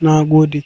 Na gode.